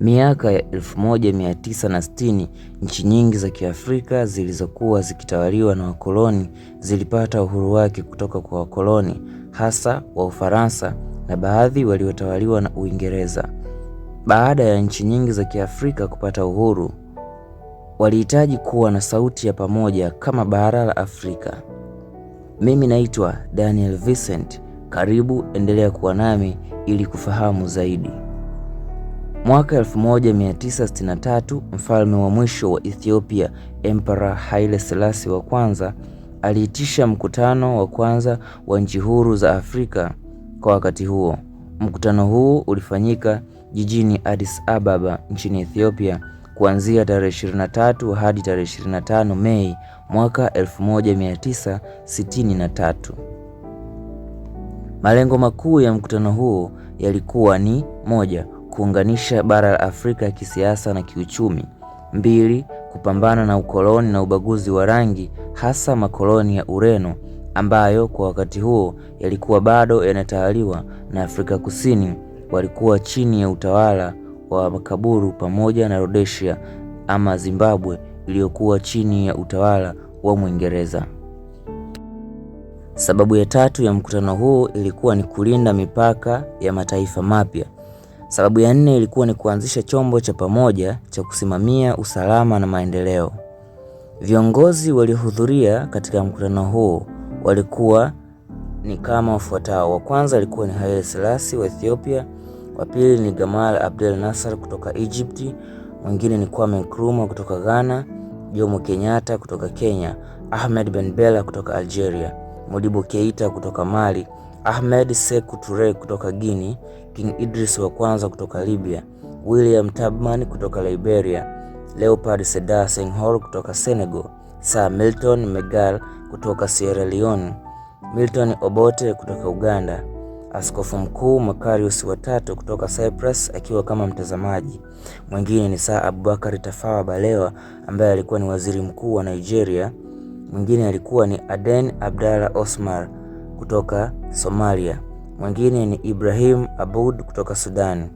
Miaka ya 1960 nchi nyingi za Kiafrika zilizokuwa zikitawaliwa na wakoloni zilipata uhuru wake kutoka kwa wakoloni, hasa wa Ufaransa na baadhi waliotawaliwa na Uingereza. Baada ya nchi nyingi za Kiafrika kupata uhuru, walihitaji kuwa na sauti ya pamoja kama bara la Afrika. Mimi naitwa Daniel Vincent. Karibu, endelea kuwa nami ili kufahamu zaidi. Mwaka 1963 mfalme wa mwisho wa Ethiopia Emperor Haile Selassie wa kwanza aliitisha mkutano wa kwanza wa nchi huru za Afrika kwa wakati huo. Mkutano huu ulifanyika jijini Addis Ababa nchini Ethiopia kuanzia tarehe 23 hadi tarehe 25 Mei mwaka 1963. Malengo makuu ya mkutano huo yalikuwa ni moja kuunganisha bara la Afrika kisiasa na kiuchumi. Mbili, kupambana na ukoloni na ubaguzi wa rangi, hasa makoloni ya Ureno ambayo kwa wakati huo yalikuwa bado yanatawaliwa na Afrika Kusini walikuwa chini ya utawala wa makaburu pamoja na Rhodesia ama Zimbabwe iliyokuwa chini ya utawala wa Mwingereza. Sababu ya tatu ya mkutano huu ilikuwa ni kulinda mipaka ya mataifa mapya. Sababu ya nne ilikuwa ni kuanzisha chombo cha pamoja cha kusimamia usalama na maendeleo. Viongozi waliohudhuria katika mkutano huo walikuwa ni kama wafuatao. Wa kwanza alikuwa ni Haile Selassie wa Ethiopia, wa pili ni Gamal Abdel Nasser kutoka Egypt, mwingine ni Kwame Nkrumah kutoka Ghana, Jomo Kenyatta kutoka Kenya, Ahmed Ben Bella kutoka Algeria, Modibo Keita kutoka Mali Ahmed Sekou Toure kutoka Guinea, King Idris wa kwanza kutoka Libya, William Tubman kutoka Liberia, leopard Sedar Senghor kutoka Senegal, Sir Milton Megal kutoka Sierra Leone, Milton Obote kutoka Uganda, Askofu Mkuu Makarius watatu kutoka Cyprus akiwa kama mtazamaji. Mwingine ni Sir Abubakar Tafawa Balewa ambaye alikuwa ni waziri mkuu wa Nigeria. Mwingine alikuwa ni Aden Abdallah Osmar kutoka Somalia, mwingine ni Ibrahim abud kutoka Sudan,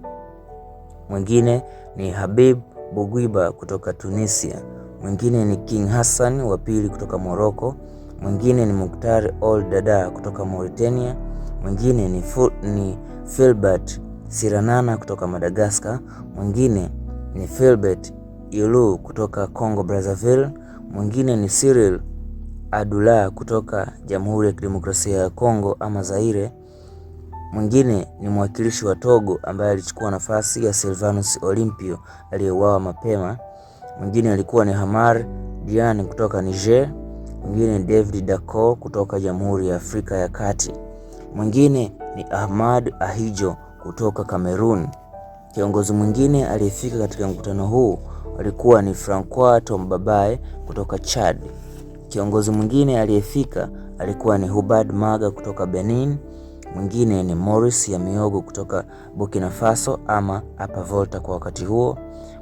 mwingine ni Habib Bugwiba kutoka Tunisia, mwingine ni King Hassan wa pili kutoka Morocco, mwingine ni Mukhtar Ould Dada kutoka Mauritania, mwingine ni, ni Filbert Siranana kutoka Madagascar, mwingine ni Filbert Ilu kutoka Congo Brazzaville, mwingine ni Cyril Adula kutoka Jamhuri ya Kidemokrasia ya Kongo ama Zaire. Mwingine ni mwakilishi wa Togo ambaye alichukua nafasi ya Silvanus Olimpio aliyeuawa mapema. Mwingine alikuwa ni Hamar Dian kutoka Niger. Mwingine ni David Dacko kutoka Jamhuri ya Afrika ya Kati. Mwingine ni Ahmad Ahijo kutoka Kamerun. Kiongozi mwingine aliyefika katika mkutano huu alikuwa ni Francois Tombabaye kutoka Chad. Kiongozi mwingine aliyefika alikuwa ni Hubad Maga kutoka Benin, mwingine ni Maurice Yamiogo kutoka Burkina Faso ama Apa Volta kwa wakati huo,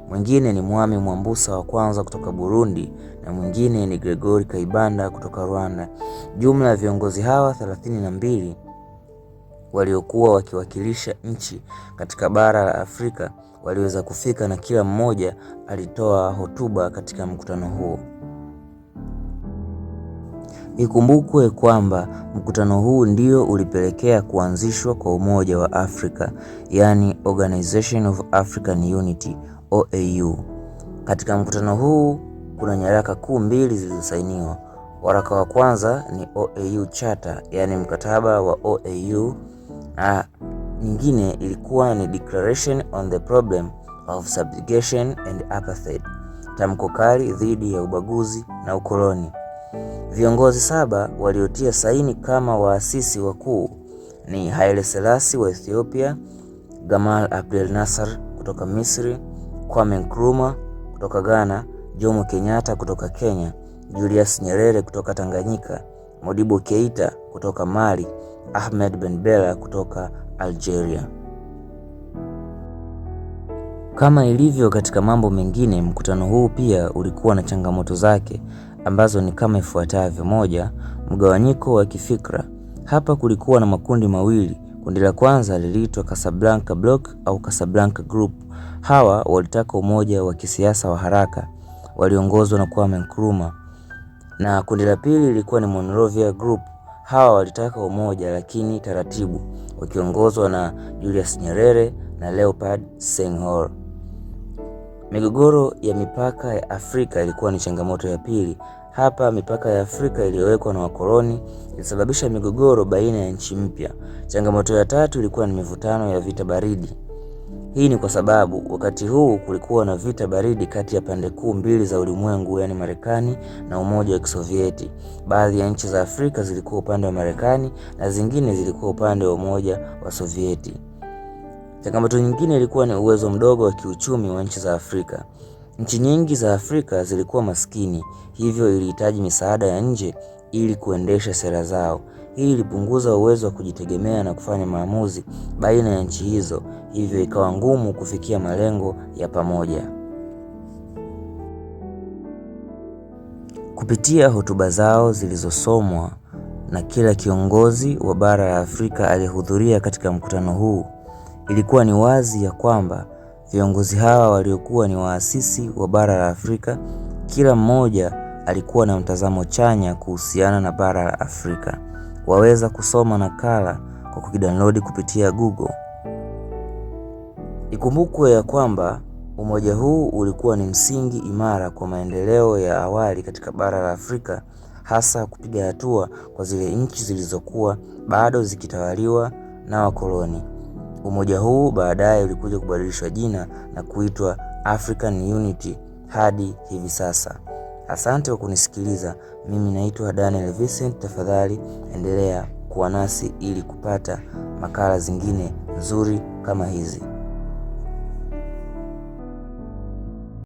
mwingine ni Mwami Mwambusa wa kwanza kutoka Burundi na mwingine ni Gregory Kaibanda kutoka Rwanda. Jumla ya viongozi hawa thelathini na mbili waliokuwa wakiwakilisha nchi katika bara la Afrika waliweza kufika na kila mmoja alitoa hotuba katika mkutano huo. Ikumbukwe kwamba mkutano huu ndio ulipelekea kuanzishwa kwa Umoja wa Afrika, yaani Organization of African Unity, OAU. Katika mkutano huu kuna nyaraka kuu mbili zilizosainiwa. Waraka wa kwanza ni OAU Charter, yaani mkataba wa OAU, na nyingine ilikuwa ni Declaration on the Problem of Subjugation and Apartheid, tamko kali dhidi ya ubaguzi na ukoloni. Viongozi saba waliotia saini kama waasisi wakuu ni Haile Selassie wa Ethiopia, Gamal Abdel Nasser kutoka Misri, Kwame Nkrumah kutoka Ghana, Jomo Kenyatta kutoka Kenya, Julius Nyerere kutoka Tanganyika, Modibo Keita kutoka Mali, Ahmed Ben Bella kutoka Algeria. Kama ilivyo katika mambo mengine, mkutano huu pia ulikuwa na changamoto zake ambazo ni kama ifuatavyo: moja, mgawanyiko wa kifikra. Hapa kulikuwa na makundi mawili. Kundi la kwanza liliitwa Casablanca Block au Casablanca Group. Hawa walitaka umoja wa kisiasa wa haraka, waliongozwa na Kwame Nkrumah, na kundi la pili lilikuwa ni Monrovia Group. Hawa walitaka umoja lakini taratibu, wakiongozwa na Julius Nyerere na Leopold Senghor. Migogoro ya mipaka ya Afrika ilikuwa ni changamoto ya pili. Hapa mipaka ya Afrika iliyowekwa na wakoloni ilisababisha migogoro baina ya nchi mpya. Changamoto ya tatu ilikuwa ni mivutano ya vita baridi. Hii ni kwa sababu wakati huu kulikuwa na vita baridi kati ya pande kuu mbili za ulimwengu, yaani Marekani na Umoja wa Kisovieti. Baadhi ya nchi za Afrika zilikuwa upande wa Marekani na zingine zilikuwa upande wa Umoja wa Sovieti. Changamoto nyingine ilikuwa ni uwezo mdogo wa kiuchumi wa nchi za Afrika. Nchi nyingi za Afrika zilikuwa maskini, hivyo ilihitaji misaada ya nje ili kuendesha sera zao. Hii ilipunguza uwezo wa kujitegemea na kufanya maamuzi baina ya nchi hizo, hivyo ikawa ngumu kufikia malengo ya pamoja. Kupitia hotuba zao zilizosomwa na kila kiongozi wa bara la Afrika aliyehudhuria katika mkutano huu Ilikuwa ni wazi ya kwamba viongozi hawa waliokuwa ni waasisi wa bara la Afrika, kila mmoja alikuwa na mtazamo chanya kuhusiana na bara la Afrika. Waweza kusoma nakala kwa kudownload kupitia Google. Ikumbukwe ya kwamba umoja huu ulikuwa ni msingi imara kwa maendeleo ya awali katika bara la Afrika, hasa kupiga hatua kwa zile nchi zilizokuwa bado zikitawaliwa na wakoloni. Umoja huu baadaye ulikuja kubadilishwa jina na kuitwa African Unity hadi hivi sasa. Asante kwa kunisikiliza. Mimi naitwa Daniel Vincent. Tafadhali endelea kuwa nasi ili kupata makala zingine nzuri kama hizi.